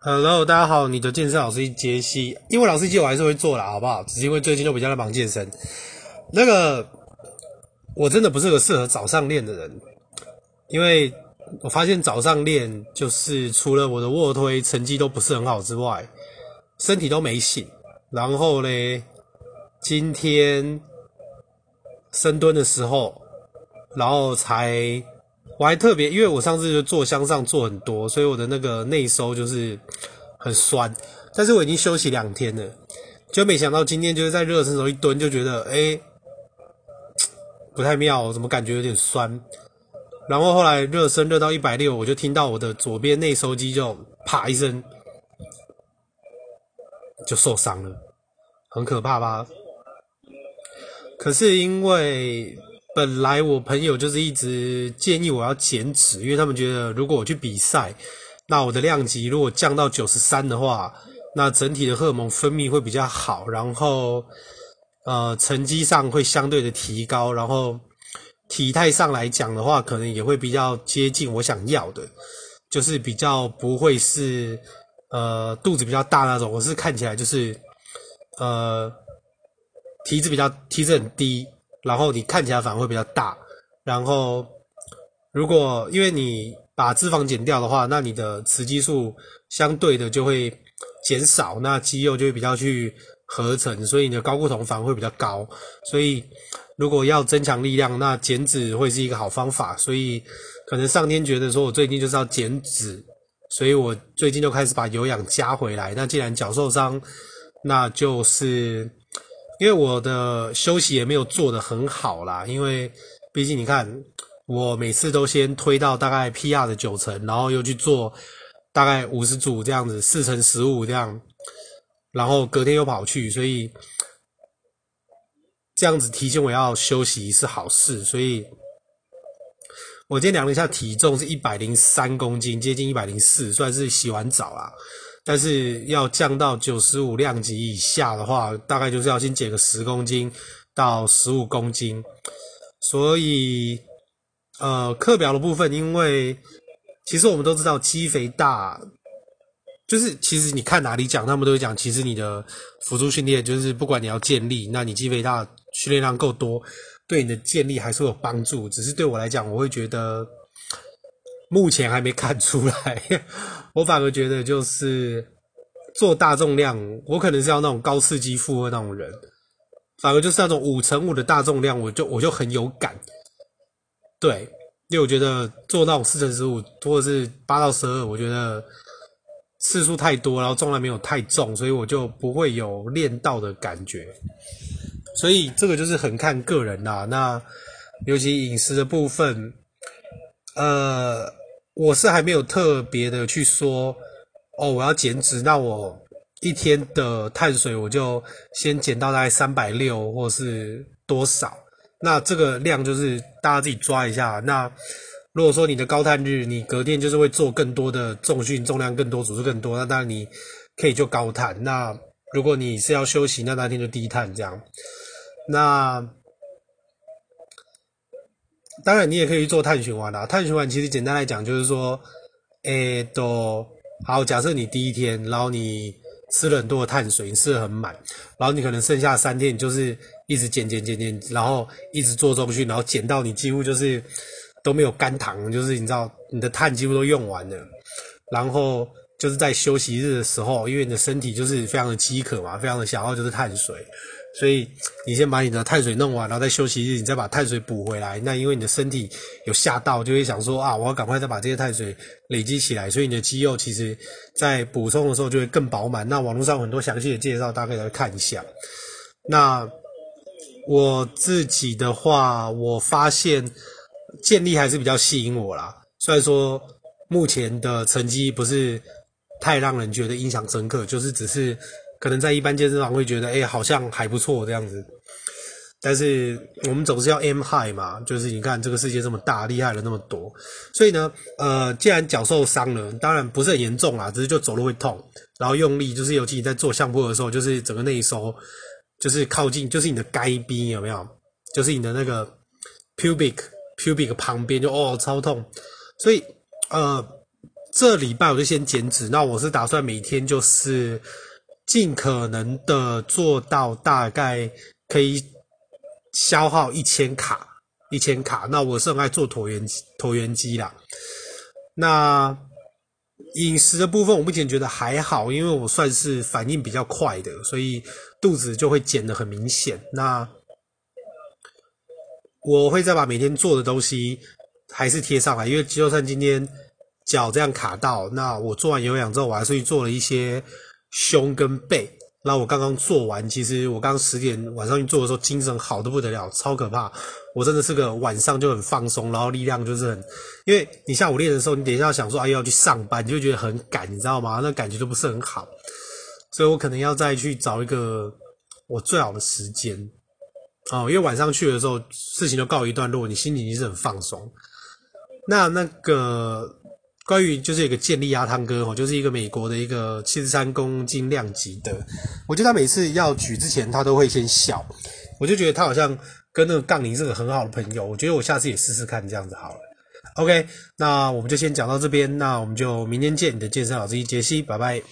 Hello，大家好，你的健身老師機傑西，因為老師機我還是會做啦，好不好？只是因為最近都比較忙健身。那個，我真的不是個適合早上練的人，因為我發現早上練，就是除了我的臥推成績都不是很好之外，身體都沒醒。然後呢，今天深蹲的時候，然後才。我還特別，因為我上次就做箱上做很多，所以我的那個內收就是很酸。但是我已經休息兩天了，就沒想到今天就是在熱身的時候一蹲就覺得，誒、欸、不太妙，怎麼感覺有點酸？然後後來熱身熱到一百六，我就聽到我的左邊內收肌就啪一聲就受傷了，很可怕吧？可是因為。本來我朋友就是一直建議我要減脂，因為他們覺得如果我去比賽，那我的量級如果降到九十三的話，那整體的荷爾蒙分泌會比較好，然後呃成績上會相對的提高，然後體態上來講的話，可能也會比較接近我想要的，就是比較不會是呃肚子比較大那種。我是看起來就是呃體脂比較體脂很低。然後你看起來反而會比較大。然後，如果因為你把脂肪減掉的話，那你的雌激素相對的就會減少，那肌肉就會比較去合成，所以你的睪固酮反而會比較高。所以，如果要增強力量，那減脂會是一個好方法。所以，可能上天覺得說我最近就是要減脂，所以我最近就開始把有氧加回來。那既然腳受傷，那就是。因為我的休息也沒有做得很好啦，因為畢竟你看，我每次都先推到大概 PR 的九成，然後又去做大概五十組這樣子，四乘十五這樣，然後隔天又跑去，所以這樣子提醒我要休息是好事。所以，我今天量了一下體重是一百零三公斤，接近一百零四，算是洗完澡啦。但是要降到九十五量級以下的話，大概就是要先減個十公斤到十五公斤。所以，呃，課表的部分，因為其實我們都知道肌肥大，就是其實你看哪裡講，他們都會講，其實你的輔助訓練就是不管你要建立，那你肌肥大訓練量夠多，對你的建立還是有幫助。只是對我來講，我會覺得。目前還沒看出來，我反而覺得就是做大重量，我可能是要那種高刺激負荷那種人，反而就是那種五乘五的大重量，我就我就很有感。對，因為我覺得做那種四乘十五或者是八到十二，我覺得次數太多，然後重量沒有太重，所以我就不會有練到的感覺。所以這個就是很看個人啦、啊，那尤其飲食的部分。呃，我是還沒有特別的去說，哦，我要減脂，那我一天的碳水我就先減到大概三百六或是多少，那這個量就是大家自己抓一下。那如果說你的高碳日，你隔天就是會做更多的重訓，重量更多，組數更多，那當然你可以就高碳。那如果你是要休息，那那天就低碳這樣。那。當然，你也可以去做碳循環啦，碳循環其實簡單來講，就是說，哎、欸，都好，假設你第一天，然後你吃了很多的碳水，你吃得很滿，然後你可能剩下的三天，你就是一直減減減減，然後一直做重訓，然後減到你幾乎就是都沒有肝糖，就是你知道你的碳幾乎都用完了，然後就是在休息日的時候，因為你的身體就是非常的飢渴嘛，非常的消耗就是碳水。所以你先把你的碳水弄完，然後再休息日你再把碳水補回來。那因為你的身體有嚇到，就會想說啊，我要趕快再把這些碳水累積起來。所以你的肌肉其實在補充的時候就會更飽滿。那網絡上有很多詳細的介紹，大家可以來看一下。那我自己的話，我發現健力還是比較吸引我啦。雖然說目前的成績不是太讓人覺得印象深刻，就是只是。可能在一般健身房會覺得，誒、欸、好像還不錯這樣子。但是我們總是要 aim high 嘛，就是你看這個世界這麼大，厲害了那麼多，所以呢，呃，既然腳受傷了，當然不是很嚴重啦，只是就走路會痛，然後用力就是尤其你在做相撲的時候，就是整個內收，就是靠近，就是你的該邊有沒有？就是你的那個 pubic pubic 旁邊就哦超痛，所以呃，這禮拜我就先減脂，那我是打算每天就是。盡可能的做到大概可以消耗一千卡，一千卡。那我是很愛做橢圓機，橢圓機啦。那飲食的部分，我目前覺得還好，因為我算是反應比較快的，所以肚子就會減得很明顯。那我會再把每天做的東西還是貼上來，因為就算今天腳這樣卡到，那我做完有氧之後，我還是去做了一些。胸跟背，然後我剛剛做完，其實我剛十點晚上去做的時候，精神好得不得了，超可怕。我真的是個晚上就很放鬆，然後力量就是很，因為你下午練的時候，你等一下想說，哎、啊，要去上班，你就覺得很趕，你知道嗎？那感覺都不是很好。所以我可能要再去找一個我最好的時間哦，因為晚上去的時候，事情都告一段落，你心情其實很放鬆。那那個。關於就是有一個健力阿湯哥吼，就是一個美國的一個七十三公斤量級的，我覺得他每次要舉之前他都會先笑，我就覺得他好像跟那個槓鈴是個很好的朋友，我覺得我下次也試試看這樣子好了。OK，那我們就先講到這邊，那我們就明天見，你的健身老師機杰西，拜拜。